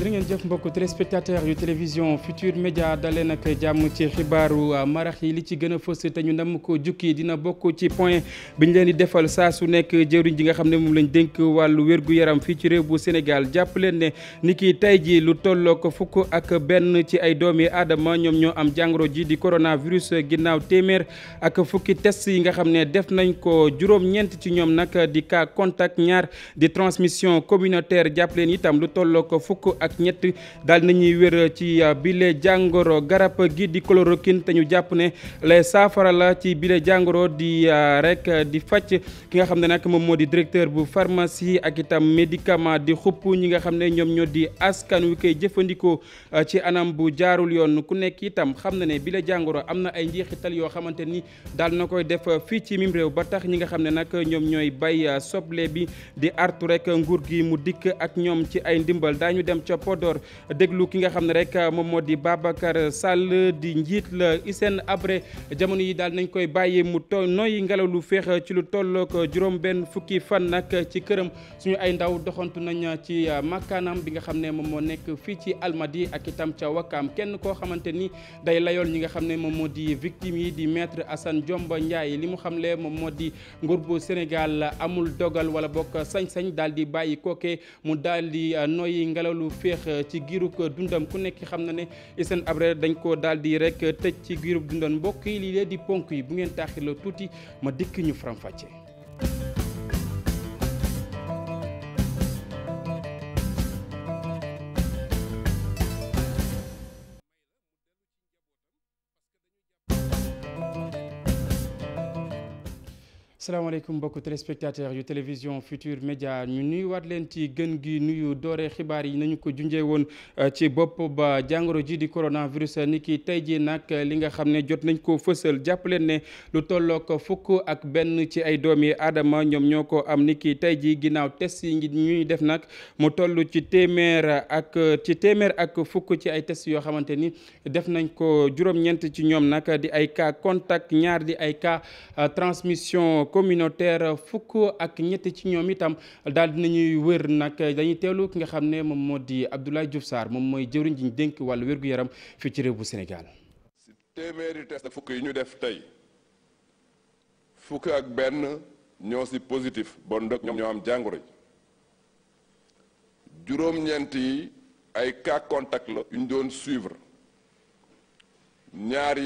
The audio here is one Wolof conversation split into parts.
jërë ngeen jëf mbokk téléspectateur yu télévision Futur Média dalee nag jàmm ci xibaaru marax yi li ci gën a fës te ñu nam ko jukki dina bokk ci point bi ñu leen di defal saa su nekk jëriñ ji nga xam ne moom lañu dénk wàllu wér-gu-yaram fii ci réew bu Sénégal jàpp leen ne ni ki tey ji lu tolloo ko fukk ak benn ci ay doomi aadama ñoom ñoo am jàngoro ji di coronavirus ginnaaw téeméer ak fukki test yi nga xam ne def nañ ko juróom-ñeent ci ñoom nag di cas contact ñaar di transmission communautaire jàpp itam tolloo ko fukk ñett daal nañuy wér ci euh, bile jàngoro garab gi di chloroquine te ñu jàpp ne lay saafara la ci bile jàngoro di euh, rek di faj ki nga xam ne nag moom moo di directeur bu pharmacie ak itam médicament di xupp ñi nga xam ne ñoom ñoo di askan wi koy jëfandikoo euh, ci anam bu jaarul yoon ku nekk itam xam na ne bile jàngoro am na ay njeexital yoo xamante ni daal na koy def fii ci mim réew ba tax ñi nga xam ne nag ñoom ñooy bay soble bi di artu rek nguur gi mu dikk ak ñoom ci ay ndimbal daañu dem cop Podor déglu ki nga xam ne rek moom moo di Babacar sàll di njiit la Hissène Habré jamono yi daal nañ koy bàyyi mu to noyyi ngelaw lu féex ci lu tollook juróom benn fukki fan nag ci këram suñu ay ndaw doxantu nañ ci uh, makaanam bi nga xam ne moom moo nekk fii ci Almadi ak itam ca Wakam kenn koo xamante ni day layool ñi nga xam ne moom moo di victime yi di maître Assane Diomba Ndiaye li mu xamle moom moo di nguur bu Sénégal amul dogal wala bokk sañ-sañ daal di bàyyi féex euh, ci giiru giirug dundam ku nekk xam na ne Hissène Habré dañ ko daal di rek tëj ci giirug dundam mbokk yi lii lee di ponk yi bu ngeen taaxirloo tuuti ma dikk ñu faram-fàccee asalaamaaleykum mbokk téléspectateur yu télévision Futur Média ñu nuyuwaat leen ci gën gi nuyu doore xibaar yi nañu ko junjee woon euh, ci bopp ba jàngoro ji di coronavirus euh, ni ki tey ji nag euh, li nga xam ne jot nañ ko fësal jàpp leen ne lu tolloo ko fukk ak benn ci ay doom yi aadama ñoom ñoo ko am ni ki tey ji ginnaaw test yi ngi ñuy def nag mu toll ci téeméer ak ci téeméer ak fukk ci ay test yoo xamante ni def nañ ko juróom-ñeent ci ñoom nag di ay k contact ñaar di ay cas communautaire fukk ak ñett ci ñoom itam dal di nañuy wër nag dañuy teelu ki nga xam ne moom moo di Abdoulaye Diouf Sarr moom mooy jëwriñ ji ñu dénk wàllu wér yaram fii ci réew bu Sénégal si téeméeri test fukk yi ñu def tey fukk ak benn ñoo si positif bon dëkk ñoom ñoo am jàngoro ji juróom-ñeent yi ay cas contact la ñu doon suivre ñaar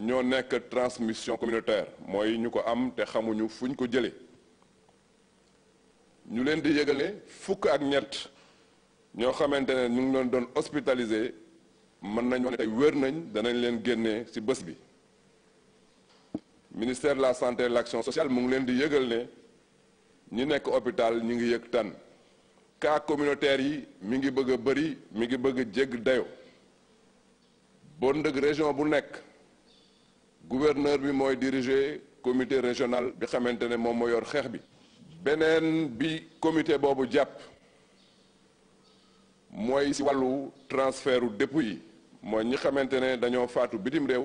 ñoo nekk transmission communautaire mooy ñu ko am te xamuñu fu ñu ko jëlee ñu leen di yëgale fukk ak ñett ñoo xamante ne ñu ngi leen doon hospitalisé mën nañ wax ne tey wér nañ danañ leen génnee ci bés bi ministère de la santé et l'action sociale mu ngi leen di yëgal ne ñi nekk hôpital ñu ngi yëg tan cas communautaire yi mi ngi bëgg a bëri mi ngi bëgg a jégg dayo bon dëgg région bu nekk gouverneur bi mooy diriger comité régional bi xamante ne moom moo yor xeex bi beneen bi comité boobu jàpp mooy si wàllu transfert u dépôt yi mooy ñi xamante ne dañoo faatu bitim réew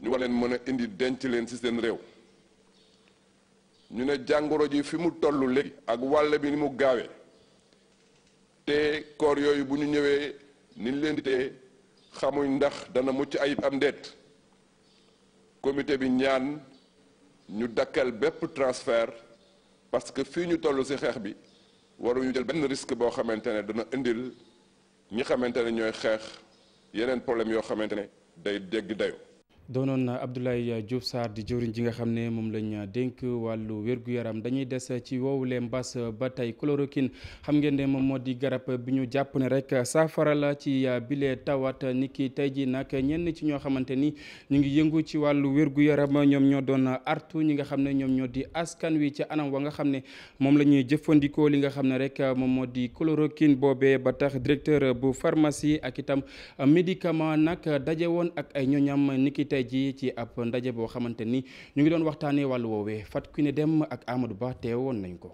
ñu war mën a indi denc leen si seen réew ñu ne jàngoro ji fi mu tollu léegi ak wàll bi ni mu gaawe te koor yooyu bu ñu ñëwee ni leen di xamuñ ndax dana mucc ayib am ndeet comité bi ñaan ñu dakkal bépp transfert parce que fii ñu toll ci xeex bi waruñu jël benn risque boo xamante ne dana indil ñi xamante ne ñooy xeex yeneen problème yoo xamante ne day dégg dayo doonoon Abdoulaye Diouf Sarr di jëwriñ ji nga xam ne moom lañ dénk wàllu wér-gu-yaram dañuy des ci woowule mbas ba tey chloroquine xam ngeen de moom moo di garab bi ñu jàpp ne rek saafara la ci bile tawat ni ki tey ji nag ñenn ci ñoo xamante ni ñu ngi yëngu ci wàllu wér-gu-yaram ñoom ñoo doon artu ñi nga xam ne ñoom ñoo di askan wi ci anam wa nga xam ne moom la ñuy jëfandikoo li nga xam ne rek moom moo di chloroquine boobee ba tax directeur bu pharmacie ak itam médicament nag daje ak tey jii ci ab ndaje boo xamante ni ñu ngi doon waxtaanee wàllu woowee Fatou Kiné Deme ak Amadou Ba teewoon nañ ko.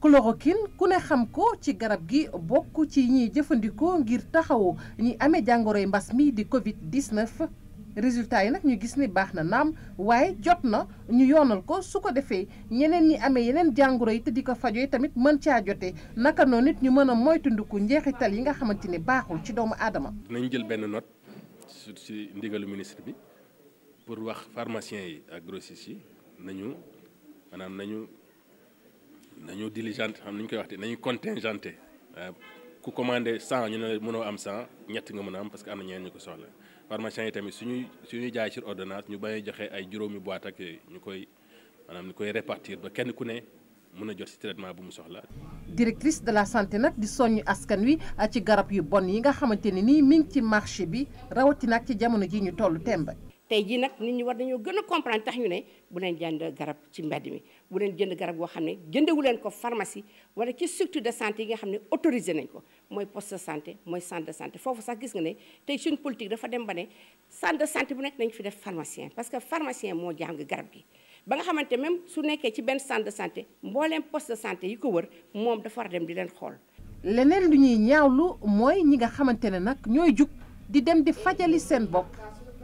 chloroquine ku ne xam ko ci garab gi bokk ci ñiy jëfandikoo ngir taxawu ñi amee jàngoroy mbas mi di Covid 19. résultat yi nag ñu gis ni baax na naam waaye jot na ñu yoonal ko su ko defee ñeneen ñi amee yeneen jàngoro yi te di ko fajoo tamit mën caa jote naka noon nit ñu mën a moytandiku njeexital yi nga xamante ne baaxul ci doomu aadama. nañ jël su si ndigalu ministre bi pour wax pharmaciens yi ak grossistes yi nañu maanaam nañu nañu diligente xam nañu koy wax te nañu contingenté euh, ku commandé 100 ñu ne mënoo am 100 ñett nga mën a parce que am na ñeneen ñu ko soxla pharmaciens yi tamit su ñuy jaay sur ordonnance ñu bañ joxe ay juróomi boîte ak ñu koy maanaam ñu koy répartir ba kenn ku ne. mun a jot ci traitement bu mu soxla. directrice de la santé nag di soññ askan wi ah, ci garab yu bon yi nga xamante ne nii mi ci marché bi rawatina ci jamono ji ñu toll temb. tey jii nag nit ñi war nañoo gën a comprendre tax ñu ne bu leen jënd garab ci mbedd mi bu leen jënd garab boo xam ne jëndewu leen ko pharmacie wala ci structure de santé yi nga xam ne autorisé nañ ko mooy post de santé mooy centre de santé foofu sax gis nga ne tey suñ politique dafa dem ba ne bu nekk nañ fi def pharmacien parce que pharmacien moo jàng garab gi. ba nga xamante même su nekkee ci benn centre de santé mbooleem poste de santé yi ko wër moom dafa war dem di leen xool. leneen lu ñuy ñaawlu mooy ñi nga xamante ne nag ñooy jug di dem di fajali seen bopp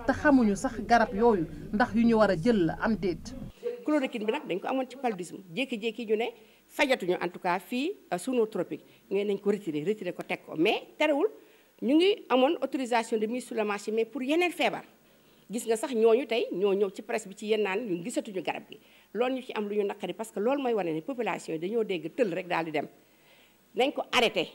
te xamuñu sax garab yooyu ndax yu ñu war a jël la am déet. chloroquine bi nag dañ ko amoon ci paludisme jékki-jékki ñu ne fajatuñu en tout fii euh, sunu tropique ngeen nañ ko retiré retiré ko teg ko mais terewul ñu ngi amoon autorisation de mise sur le marché mais pour yeneen feebar. gis nga sax ñooñu tey ñoo ñëw ci presse bi ci yéen naan ñu gisatuñu garab gi loolu ñu ci am lu ñu naqari parce que loolu mooy wane ne population yi dañoo dégg tël rek daal dem nañ ko arrêté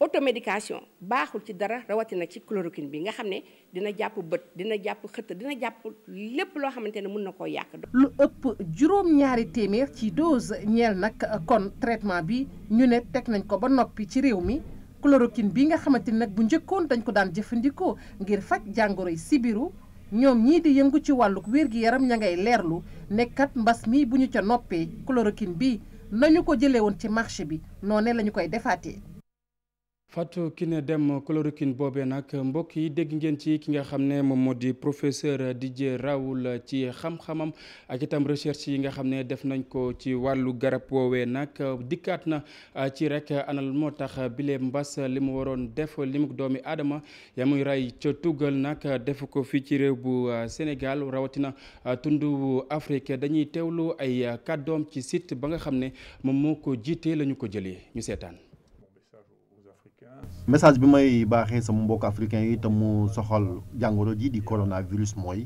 automédication baaxul ci dara rawatina ci chloroquine bi nga xam ne dina jàpp bët dina jàpp xëtt dina jàpp lépp loo xamante ne mun na koo yàq. lu ëpp juróom ñaari téeméer ci dose ñeel nag kon traitement bi ñu ne teg nañ ko ba noppi ci réew mi chloroquine bi nga xamante ni nag bu njëkkoon dañ ko daan jëfandikoo ngir faj jàngoroy sibiru ñoom ñii di yëngu ci wàllu wér gi yaram ña ngay leerlu nekkat mbas mi bu ñu ca noppee chloroquine bi nañu ko jëlee woon ci marché bi noone la ñu koy defaatee Fatou ne dem chloroquine boobee nag mbokk yi dégg ngeen ci ki nga xam ne moom moo di professeur Didier rawul ci xam-xamam ak itam recherche yi nga xam ne def nañ ko ci wàllu garab woowee nag dikkat na ci rek anal moo tax bile mbas li mu waroon def limu doomi aadama ya muy rey ca tugal nag def ko fii ci réew bu Sénégal rawatina tundu Afrique dañuy teewlu ay kàddoom ci site ba nga xam ne moom moo ko jiitee la ñu ko jëlee ñu seetaan. message bi may baaxee sama mbokk africain yi te mu soxal jàngoro ji di coronavirus mooy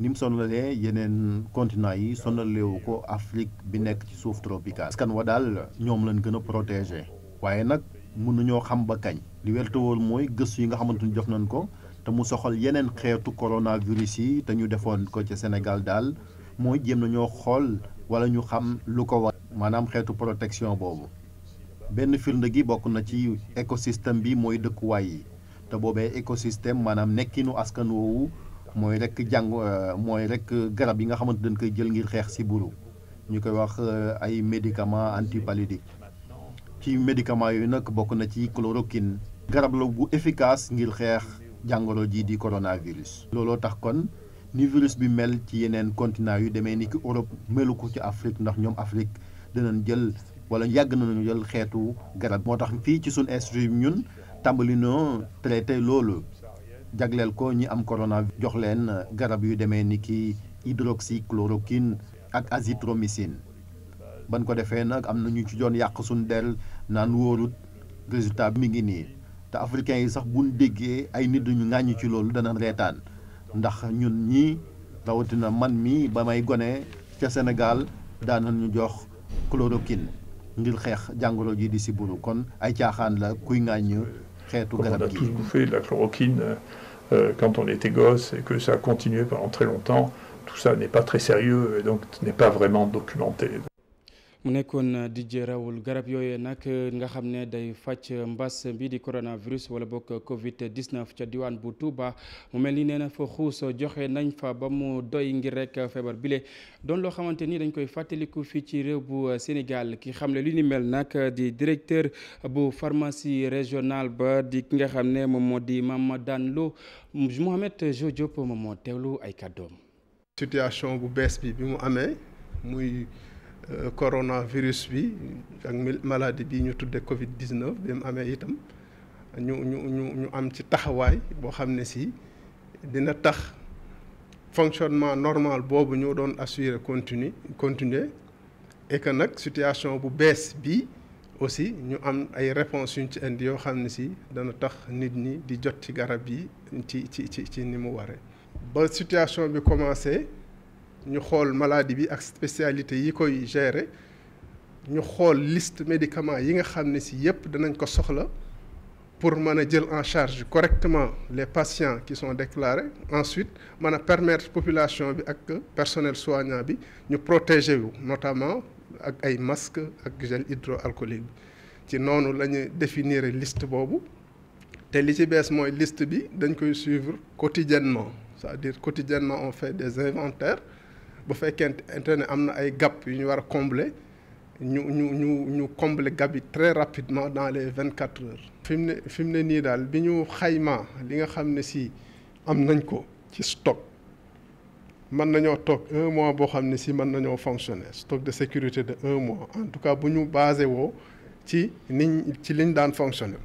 ni mu sonalee yeneen continent yi sonalewu ko Afrique bi nekk ci suuf tropicale. askan wa daal ñoom leen gën a protégé waaye nag mënuñoo xam ba kañ. li wér te mooy gëstu yi nga xamante ni def nañ ko te mu soxal yeneen xeetu coronavirus yi te ñu defoon ko ca Sénégal daal mooy jéem nañoo xool wala ñu xam lu ko war. maanaam xeetu protection boobu. benn firnde gi bokk na ci écosystème bi mooy dëkkuwaay yi te boobee écosystème maanaam nekkinu askan woowu mooy rek jàng euh, mooy rek garab yi nga xamante dañ koy jël ngir xeex si buru ñu koy wax euh, ay médicaments antipaludiques ci médicament yooyu nag bokk na ci chloroquine garab la bu efficace ngir xeex jàngoro jii di coronavirus. looloo tax kon ni virus bi mel ci yeneen continent yu demee ni ki Europe melu ko ci Afrique ndax ñoom Afrique dinañ jël wala yàgg nañu jël xeetu garab moo tax fii ci suñu institut ñun tàmbali noo traité loolu jagleel ko ñi am corona jox leen garab yu demee ni ki hydroxychloroquine ak azithromycine ban ko defee nag am na ñu ci doon yàq suñu del naan wóorut résultat bi ngi nii te africains yi sax buñ déggee ay nit ñu ŋàññi ci loolu dana reetaan ndax ñun ñii rawatina man mi ba may gone ca Sénégal daan ñu jox chloroquine ngir xeex jàngoro ji di sibbiru kon ay caaxaan la kuy ŋàññ xeetu garab gi. On a tous bouffé la chloroquine euh, euh, quand on était gosse et que ça a continué pendant très longtemps. Tout ça n'est pas très sérieux et donc n'est pas vraiment documenté. mu nekkoon euh, DJ Raoul garab yooyee nag euh, nga xam ne day faj euh, mbas bi di coronavirus wala bokk Covid 19 ca diwaan bu Touba mu mel ni nee na fa xuus joxe nañ fa ba mu doy ngir rek feebar bile doon loo xamante ni dañ koy fàttaliku fii ci réew bu Sénégal ki xam ne li ni mel nag di directeur bu pharmacie régionale ba di ki nga xam ne moom moo di Mamadane Lo Mohamed Jo Diop moom moo teewlu ay kàddoom. situation bu bees bi bi mu amee Euh, coronavirus bi ak maladie bi ñu tuddee Covid 19 bi mu amee itam ñu ñu ñu ñu am ci taxawaay boo xam ne si dina tax fonctionnement normal boobu ñoo doon assurer continuer continuer et que nag situation bu bees bi aussi ñu am ay réponses yuñ ci indi yoo xam ne si dana tax nit ñi di jot ci garab yi ci ci ci ci ni mu waree. ba situation bi commencé. ñu xool maladie bi ak spécialité yi koy gérer ñu xool liste médicaments yi nga xam ne si yëpp danañ ko soxla pour mën a jël en charge correctement les patients qui sont déclarés ensuite mën a permettre population bi ak personnel soignant bi ñu protéger wu notamment ak ay masques ak gel hydroalcoolique bi ci noonu la ñu définir liste boobu te li ci bees mooy liste bi dañ koy suivre quotidiennement c'est-à-dire quotidiennement on fait des inventaires bu fekkente ne am na ay gap yu ñu war a combler ñu ñu ñu ñu combler gap yi très rapidement dans les vingt quatre heures. fi mu ne fi mu ne nii daal bi ñu xaymaa li nga xam ne si am nañ ko ci stock mën nañoo toog un mois boo xam ne si mën nañoo fonctionner stock de sécurité de un mois en tout cas bu ñu basé woo ci niñ ci liñ daan fonctionner.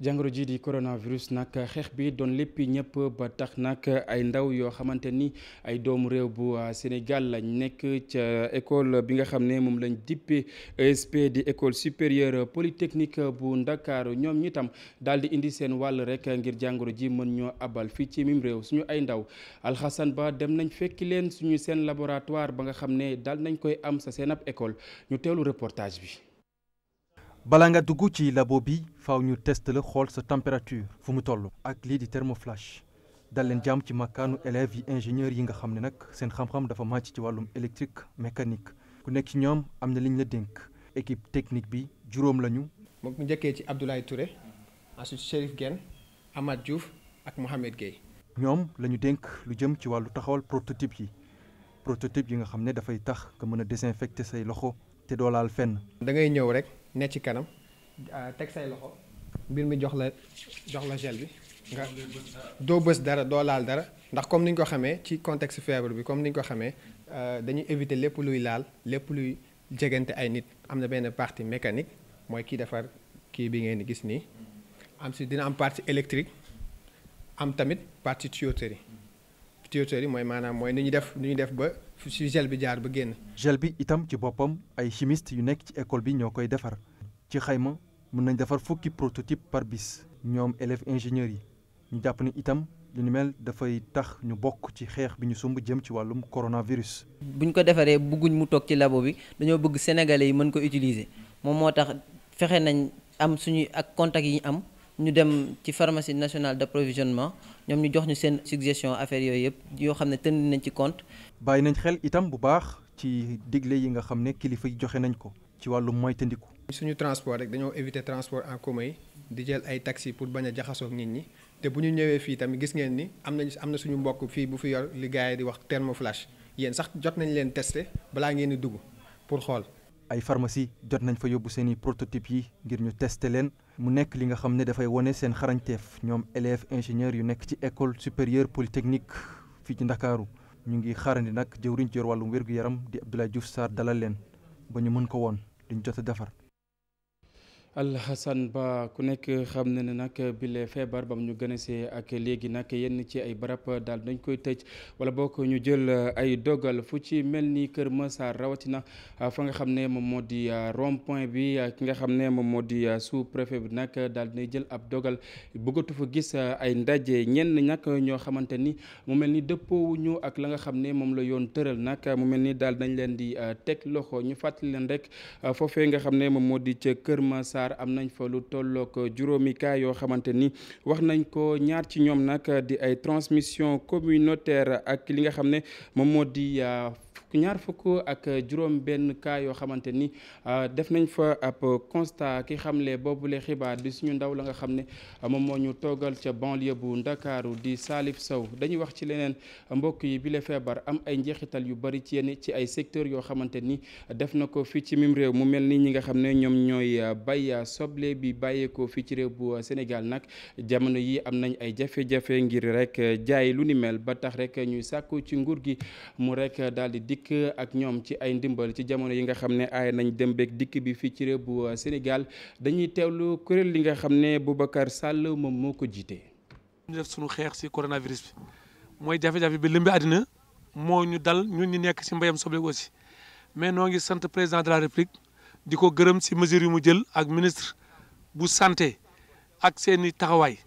jàngoro ji di coronavirus nag xeex bi doon lépp ñëpp ba tax nag ay ndaw yoo xamante ni ay doomu réew bu ah, Sénégal lañ nekk ca école bi nga xam ne moom lañ dippe ESP di école supérieure polytechnique bu Ndakaaru ñoom ñi itam daal di indi seen wàll rek ngir jàngoro ji mën ñoo abal fii ci mim réew suñu ay ndaw Alxasan Ba dem nañ fekki leen suñu seen laboratoire ba nga xam ne daal nañ koy am sa seen ab école ñu teelu reportage bi bala nga dugg ci labo bi faw ñu test la xool sa température fu mu toll ak lii di thermoflash dal leen jàmm ci makkaanu élèves yi ingénieurs yi nga xam ne nag seen xam-xam dafa màcc ci wàllum électrique mécanique ku nekk ci ñoom am na liñ la dénk équipe technique bi juróom lañu. moom mu njëkkee ci Abdoulaye Touré ensuite Chérif Guène Amath Diouf ak Mohamed Gueye. ñoom la ñu dénk lu jëm ci wàllu taxawal prototype yi prototype yi nga xam ne dafay tax nga mën a désinfecter say loxo te doolaal fenn. da ngay ñëw rek. ne ci kanam ah, teg say loxo mbir mi jox la jox la gel bi nga doo bës dara doo laal dara ndax comme ni ñu ko xamee ci contexte fièvre bi comme ni ñu ko xamee ah, dañuy éviter lépp luy laal lépp luy jegante ay nit am na benn partie mécanique mooy kii defar kii bi ngeen gis nii am si dina am partie électrique am tamit partie tuyauterie tuyauterie mooy maanaam mooy nu ñu def nu ñu def ba ci bi jaar ba génn. gel bi itam ci boppam ay chimiste yu nekk ci école bi ñoo koy defar ci xayma mën nañ defar fukki prototype par bis ñoom élèves ingénieurs yi ñu jàpp ne itam lu ni mel dafay tax ñu bokk ci xeex bi ñu sumb jëm ci wàllum coronavirus. buñ ko defaree bëgguñ mu toog ci labo bi dañoo bëgg sénégalais yi mën ko utiliser moom moo tax fexe nañ am suñuy ak contact yi am. ñu dem ci pharmacie nationale d'approvisionnement ñoom ñu jox ñu seen suggestion affaire yooyu yëpp yoo xam ne tënd nañ ci compte. bàyyi nañ xel itam bu baax ci digle yi nga xam ne kilifa yi joxe nañ ko ci wàllu moytandiku. suñu transport rek dañoo éviter transport en commun yi di jël ay taxi pour bañ a jaxasoo nit ñi te bu ñu ñëwee fii tamit gis ngeen ni am nañ am na suñu mbokk fii bu fi yor li gars yi di wax thermoflash yéen sax jot nañ leen testé balaa ngeen di dugg pour xool. ay pharmacie jot nañ fa yóbbu seen i prototype yi ngir ñu tester leen. mu nekk li nga xam ne dafay wone seen xarañteef ñoom élèves ingénieurs yu nekk ci école supérieure polytechnique fii ci ndakaaru ñu ngi xaarandi nag jëwriñ ci wàllum wér-gu-yaram di Abdoulaye Diouf Sarr dalal leen ba ñu mën ko woon liñ jot a defar Alhassane Ba ku nekk xam na ne nag bile feebar bam ñu gën a see ak léegi nag yenn ci ay barab daal dañ koy tëj wala bokk ñu jël ay dogal fu ci mel ni Kër Massar rawatina fa nga xam ne moom moo di rond-point bi ki nga xam ne moom moo di sous-préfet bi nag daal dinay jël ab dogal bëggatu fa gis ay ndaje ñenn nag ñoo xamante ni mu mel ni dëppoowuñu ak la nga xam ne moom la yoon tëral nag mu mel ni daal dañ leen di teg loxo ñu fàttali leen rek foofee nga xam ne moom moo ca Kër Massar Sarr am nañ fa lu tollook juróomi cas yoo xamante ni wax nañ ko ñaar ci ñoom nag di ay transmission communautaire ak li nga xam ne moom moo di euh, ñaar fukk ak juróom benn cas yoo xamante ni euh, def nañ fa ab constat ki xamle boobule xibaar bi suñu ndaw la nga xam ne euh, moom moo ñu toogal ca banlieue bu ndakaaru di Salif Sow dañuy wax ci leneen mbokk yi bile feebar am ay njeexital yu bari ci yenn ci ay secteurs yoo xamante ni def na ko fii ci mim réew mu mel ni ñi nga xam ne ñoom ñooy euh, bay soble bi bàyyeekoo fii ci réew bu Sénégal nag jamono yi am nañ ay jafe-jafe ngir rek jaay lu ni mel ba tax rek ñuy sàkku ci nguur gi ak ñoom ci ay ndimbal ci jamono yi nga xam ne aay nañ dem beeg dikk bi fii ci réew bu euh, Sénégal dañuy teewlu kuréel li nga xam ne Boubacar sàll moom moo ko jiite. ñu xeex si coronavirus bi mooy jafe-jafe bi lëmbi àddina moo ñu dal ñun ñu nekk si mbayam soble aussi mais noo ngi sant président de la république di ko gërëm si mesures yu mu jël ak ministre bu santé ak seeni taxawaay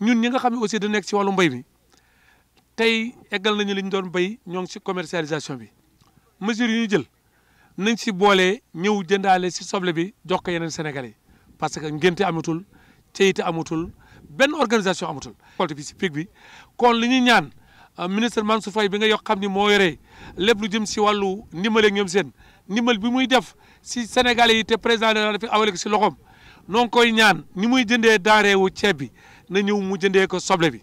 ñun ñi nga xam ne aussi du nekk si wàllu mbay mi tey eggal nañu li ñu doon béy ñoo ngi si commercialisation bi mesures yi jël nañ si boolee ñëw jëndaale si soble bi jox ko yeneen Sénégalais parce que ngénte amatul ceyite amatul benn organisation amatul. récolte bi si pic bi kon li ñuy ñaan euh, ministre Mansour Faye bi nga yokk xam ni moo yore lépp lu jëm si wàllu ndimbal ak ñoom seen ndimbal bi muy def si Sénégalais yi te président de si loxom noo ngi koy ñaan ni muy jëndee denrée wu ceeb bi na ñëw mu jëndee ko soble bi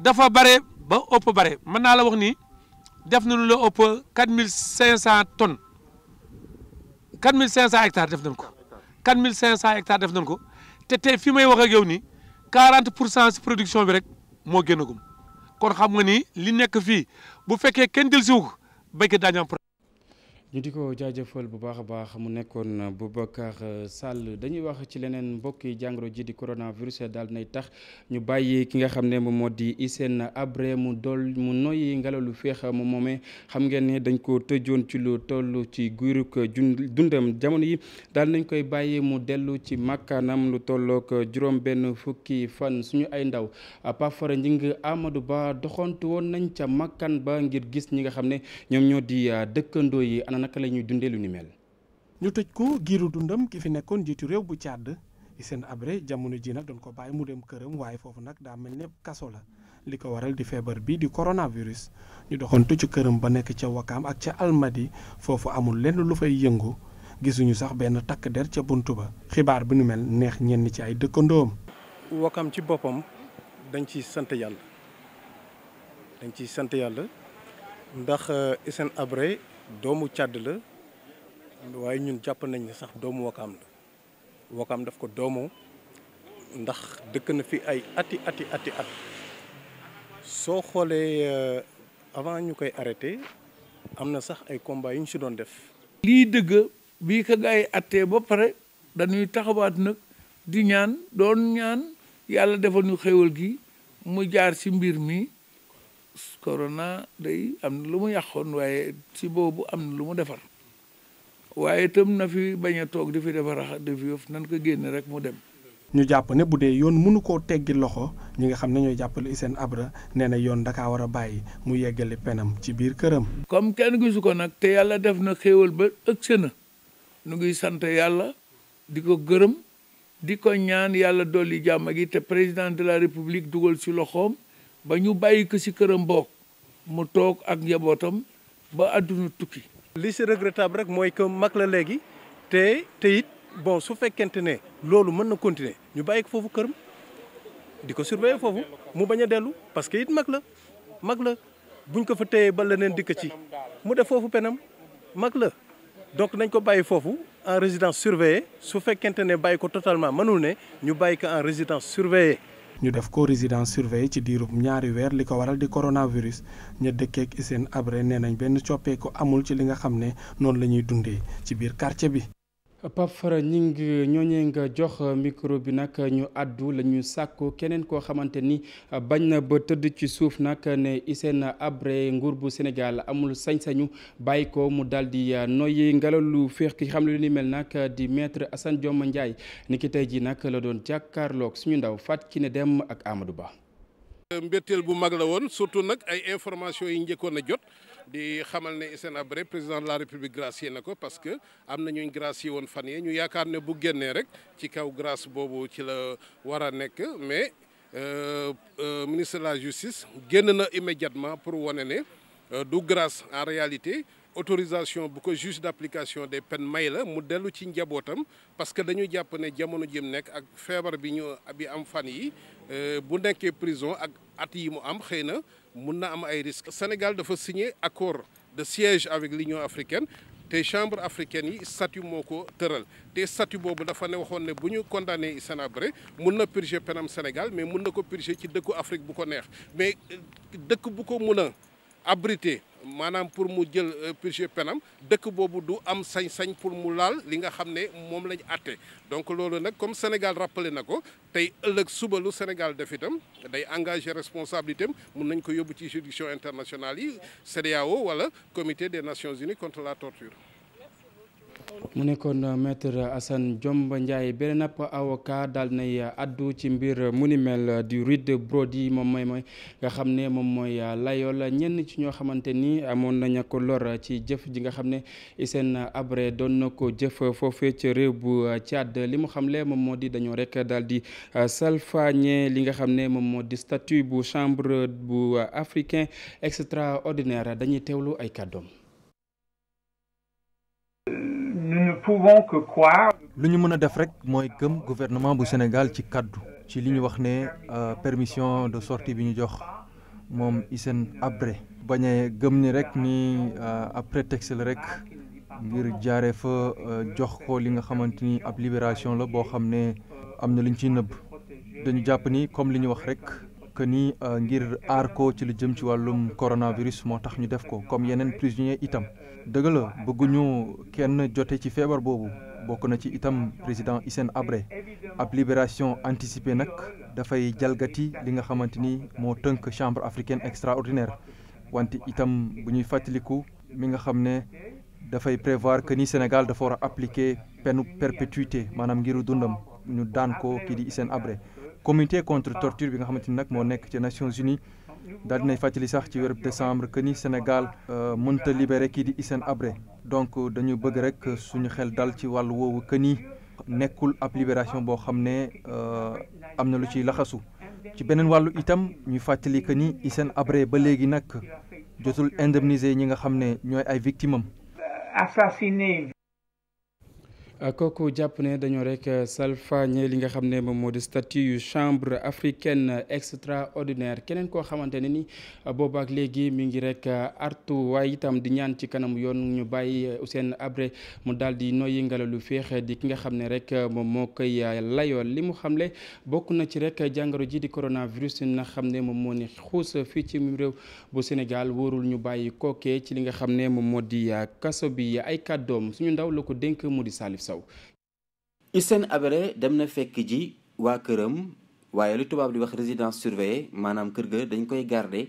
dafa bare ba ëpp bare mën naa la wax ni. def nañu la ëpp 4500 tonnes 4500 hectares def nañ ko. cinq 4500 hectares def nañ ko te tey fi may wax ak yow nii 40 pour cent si production bi rek moo génnagum kon xam nga ni li nekk fii bu fekkee kenn dellusiwu ko béykat daañu am ñu di ko jaajëfal bu baax a baax mu nekkoon bu Boubacar Sall dañuy wax ci leneen mbokk yi jàngoro ji di coronavirus daal nay tax ñu bàyyi ki nga xam ne moom moo di Hissène Habré mu dol mu noyyi ngelaw lu féex mu moomee xam ngeen ne dañ ko tëjoon ci lu toll ci guuruk dundam jamono yi daal nañ koy bàyyi mu dellu ci makkaanam lu tollook juróom-benn fukki fan suñu ay ndaw Pafara Ngingue Amadou Ba doxantu woon nañ ca makkaan ba ngir gis ñi nga xam ne ñoom ñoo di dëkkandoo yi. naka la ñuy dundee lu ni mel. ñu tëj ko giiru dundam ki fi nekkoon njiitu réew bu Tchad Hissène Habré jamono ji nag doon ko bàyyi mu dem këram waaye foofu nag daa mel ne kaso la li ko waral di feebar bii di korona coronavirus ñu doxantu ci këram ba nekk ca wakkam ak ca Almadi foofu amul lenn lu fay yëngu gisuñu sax benn takk der ca bunt ba xibaar bu ñu mel neex ñenn ci ay dëkkandoom. Wakaam ci boppam dañ ciy sant yàlla ciy sant yàlla ndax euh, Hissène Habré doomu càdd la waaye ñun jàpp nañ ne sax doomu wakaam la wakaam daf ko doomoo ndax dëkk na fi ay ati ati ati at soo xoolee euh, avant ñu koy arrêté am na sax ay combat yu ñu si doon def lii dëgg bi ko gars yi ba pare dañuy taxawaat nag di ñaan doon ñaan yàlla defal ñu xéwal gi mu jaar ci mbir mi corona day am na lu mu yàqoon waaye ci boobu am lu mu defar waaye itam na fi bañ a toog di fi defar nan ko génne rek mu dem. ñu jàpp ne bu dee yoon mënu koo teggi loxo ñi nga xam ne ñooy jàppale Hissène abra nee na yoon dakaa war a bàyyi mu yeggale penam ci biir këram. comme kenn gisu ko nag te yàlla def na xéewal ba ëgg na nu ngi sant yàlla di ko gërëm di ko ñaan yàlla dolli jàmm gi te président de la république dugal ci loxoom. ba ñu bàyyi ko ci këram boog mu toog ak njabootam ba àdduna tukki. li ci regrettable rek mooy que mag la léegi te te it bon su fekkent ne loolu mën na continuer ñu bàyyi foofu këram di ko surveiller foofu mu bañ a dellu parce que it mag la mag la buñ ko fa téyee ba leneen dikk ci mu def foofu penam mag la donc nañ ko bàyyi foofu en résidence surveillée su fekkente ne bàyyi ko totalement mënul ne ñu bàyyi en résidence surveillée. ñu def ko résidence surveillée ci diirub ñaari weer li ko waral di coronavirus ña dëkkeek seen Habré nee nañ benn coppeeku amul ci li nga xam ne noonu la ñuy dundee ci biir quartier bi. Pape Fara ñing ñooñee nga jox euh, micro bi nag ñu àddu la ñu sàkku keneen koo xamante ni euh, bañ na ba tëdd ci suuf nag ne na abre nguur bu Sénégal amul sañ-sañu bàyyi ko mu daal di euh, noyyi ngelaw lu féex ki xam lu ni mel nag di maître Assane Dioma Ndiaye ni ki tey ji nag la doon jàkkaarloog suñu ndaw ki ne dem ak Amadou Ba mbétteel bu mag la woon surtout nag ay information yi njëkkoon a jot di xamal ne Hissène Habré président de la république gracié na ko parce que am na ñu gracié woon fan yee ñu yaakaar ne bu génnee rek ci kaw grace boobu ci la war a nekk mais euh, euh, ministre de la justice génn na immédiatement pour wane ne euh, du grace en réalité autorisation bu ko juge d'application des peines may la mu dellu ci njabootam parce que dañu jàpp ne jamono jëm nekk ak feebar bi ñu bi am fan yi euh, bu nekkee prison ak at yi mu am xëy na mun na am ay risques. Sénégal dafa signer accord de siège avec l'Union africaine te chambre africain yi statut moo ko tëral te statut boobu dafa ne waxoon ne bu ñu condamné Hissène-Habré mun na purger penam Sénégal mais mun na ko purger ci dëkku Afrique bu ko neex mais euh, dëkk bu ko mun a abriter. maanaam pour mu jël euh, purger penam dëkk boobu du am sañ-sañ pour mu laal li nga xam ne moom lañ àtte donc loolu nag comme Sénégal rappelé na ko tey ëllëg suba lu Sénégal def itam day engagé responsabilité mun nañ ko yóbbu ci juridiction internationale yi CEDEAO wala comité des nations unies contre la torture mu nekkoon euh, maître Assane Diomba Ndiaye beneen ab avocat daal nay euh, addu ci mbir mu ni mel euh, du Reed Brody moom mooy mooy nga xam ne moom mooy layool ñenn ci ñoo xamante nii amoon nañu ko lor ci jëf ji nga xam ne Hissène Habré doon na ko jëf foofee ci réew bu Tchad li mu xamle moom moo di dañoo rek daal di salfaañe li nga xam ne moom moo di statut bu chambre bu africain extraordinaire dañuy teewlu ay kàddoom. pouvons lu ñu mën a def rek mooy gëm gouvernement bu Sénégal ci kàddu ci li ñu wax ne euh, permission de sortie bi ñu jox moom Hissène Habré bañ gëm ni rek ni euh, ab prétexte la rek ngir jaare fa euh, jox ko li nga xamante ni ab libération la boo xam ne am na lu ñu ciy nëbb dañu jàpp ni comme li ñu wax rek que ni ngir aar ko ci lu jëm ci wàllum coronavirus moo tax ñu def ko comme yeneen prisonnier itam. dëgg la bëgguñu kenn jote ci feebar boobu bokk na ci itam président Hissène Habré ab libération anticipée nag dafay jalgati li nga xamante ni moo tënk chambre africaine extraordinaire wante itam bu ñuy fàttaliku mi nga xam ne dafay prévoir que ni Sénégal dafa war a appliquer peine perpétuité maanaam ngiru dundam ñu daan ko kii di Hissène Habré comité contre torture bi nga xamante ni nag moo nekk ci Nations Unies daal dinañ fàttali sax ci weeru décembre que ni Sénégal euh, mënta libéré kii di Hissène abré donc dañu bëgg rek suñu xel dal ci wàllu woowu que ni nekkul ab libération boo xam ne euh, am na lu ciy laxasu ci beneen wàllu itam ñu fàttali que ni Hissène Habré ba léegi nag jotul indemniser ñi nga xam ne ñooy ay victime Euh, kooku jàpp ne dañoo rek euh, salfaañe li nga xam ne moom moo di statut yu chambre africaine euh, extraordinaire keneen koo xamante ne ni ak léegi mu ngi rek artu waaye itam di ñaan ci kanam yoon ñu bàyyi Hissène Habré mu daal di noyyi lu féex di ki nga xam ne rek moom moo koy layool li mu xamle bokk na ci rek jàngaro ji di coronavirus na xam ne moom moo ni xuus fii ci réew bu Sénégal warul ñu bàyyi kookee ci li nga xam ne moom moo di kaso bi ay kàddoom suñu ndaw la ko dénk mu di Salif Sow. Hissène Habré dem na fekk ji waa këram waaye lu tubaab di wax résidence surveillée maanaam kër ga dañ koy garde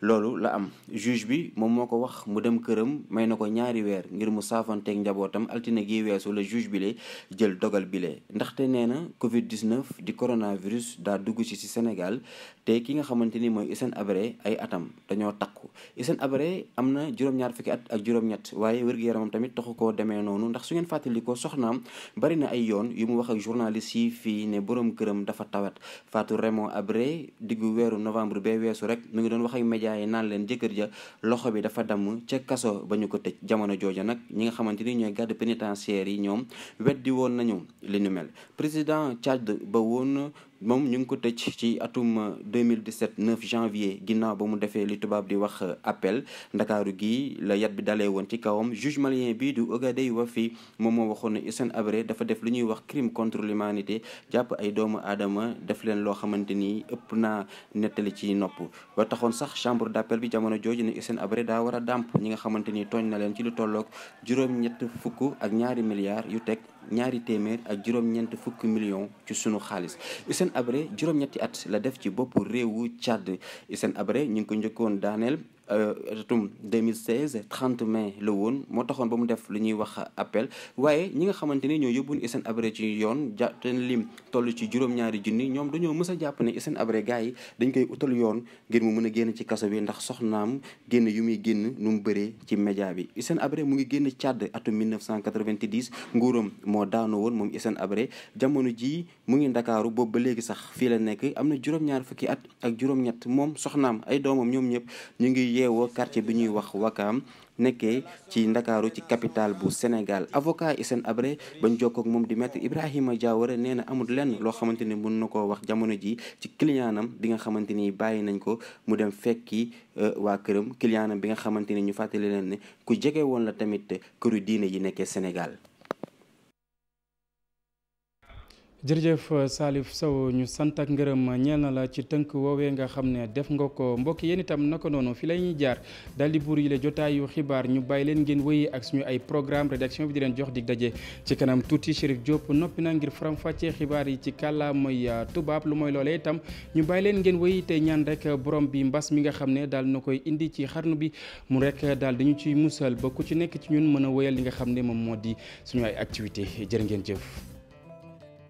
loolu la am juge bi moom moo ko wax mu dem këram may na ko ñaari weer ngir mu saafanteeg njabootam altine gi weesu la juge bi jël dogal bi ndaxte nee na Covid 19 di coronavirus daa dugg ci ci Sénégal te ki nga xamante ni mooy Hissène Habré ay atam dañoo takku Hissène Habré am na juróom-ñaar fukki at ak juróom-ñett waaye wér-gu-yaramam tamit taxu koo demee noonu ndax su ngeen fàttalikoo soxnaam bari na ay yoon yu mu wax ak journaliste yi fii ne borom këram dafa tawat Fatou Raymond Habré diggu weeru novembre bee weesu rek mu ngi doon wax ak média yi naan leen jëkkër ja loxo bi dafa damm ca kaso ba ñu ko tëj jamono jooja nag ñi nga xamante ni ñooy garde pénitentiaire yi ñoom weddi woon nañu li ñu moom ñu ngi ko tëj ci atum 2017 euh, 9 janvier ginnaaw ba mu defee li tubaab di wax euh, appel ndakaaru gi la yat bi dalee woon ci kawam juge malien bi du Ogadey Wafi moom moo waxoon ne Hissène Habré dafa def li ñuy wax crime contre l'humanité jàpp ay doomu aadama def leen loo xamante ni ëpp na nettali ci nopp ba taxoon sax chambre d'appel bi jamono jooju ne Hissène Habré daa war a dàmp ñi nga xamante ni tooñ na leen ci lu tolloog juróom fukk ak ñaari milliards yu teg ñaari téeméer ak juróom-ñeent fukki million ci sunu xaalis Hissène Habré juróom-ñetti at la def ci boppu réewu Tchad Hissène Habré ñu ngi ko njëkkoon daaneel Euh, atum 2016 30 mai la woon moo taxoon ba mu def lu ñuy wax appel waaye ñi nga xamante ni ñoo yóbbuwoon Hissène Habré ci yoon ja lim toll ci juróom-ñaari junni ñoom dañoo mës a jàpp ne Hissène Habré gars yi dañ koy utal yoon ngir mu mën a génn ci kaso bi ndax soxnaam génn yu muy génn nu mu bëree ci média bi Hissène Habré mu ngi génn Tchad atum 1990 nguuram moo daano woon moom Hissène Habré jamono jii mu ngi ndakaaru boobu ba léegi sax fii la nekk am na juróom-ñaar fukki at ak juróom-ñett moom soxnaam ay doomam ñoom ñëpp yeewoo quartier bi ñuy wax Wakaam nekkee ci ndakaaru ci capitale bu Sénégal avocat Hissène Habré bañ jokkook moom di maître Ibrahima Diawara nee na amul lenn loo xamante ni mën na koo wax jamono ji ci clientam bi nga xamante ni bàyyi nañ ko mu dem fekki euh, waa këram clientam bi nga xamante ni ñu fàttali leen ne ku jege woon la tamit këru diine yi nekkee Sénégal jërëjëf euh, saalif Sow ñu sant ak ngërëm ñeel na la ci tënk woowee nga xam ne def nga ko mbokk yéen itam naka noonu fi la ñuy jaar daal di buur yi la jotaayu xibaar ñu bàyyi leen ngeen wéyi ak suñu ay programme bi di leen jox dig daje ci kanam tuuti Chérif Diop noppi na ngir faram-fàccee xibaar yi ci kàllaamay euh, tubaab lu mooy loolee itam ñu bàyyi leen ngeen wéyi tey ñaan rek borom bi mbas mi nga xam ne daal na koy indi ci xarnu bi mu rek daal dañu ciy musal ba ku ci nekk ci ñun mën a wéyal li nga xam ne moom moo di suñu ay activité jërë ngeen jëf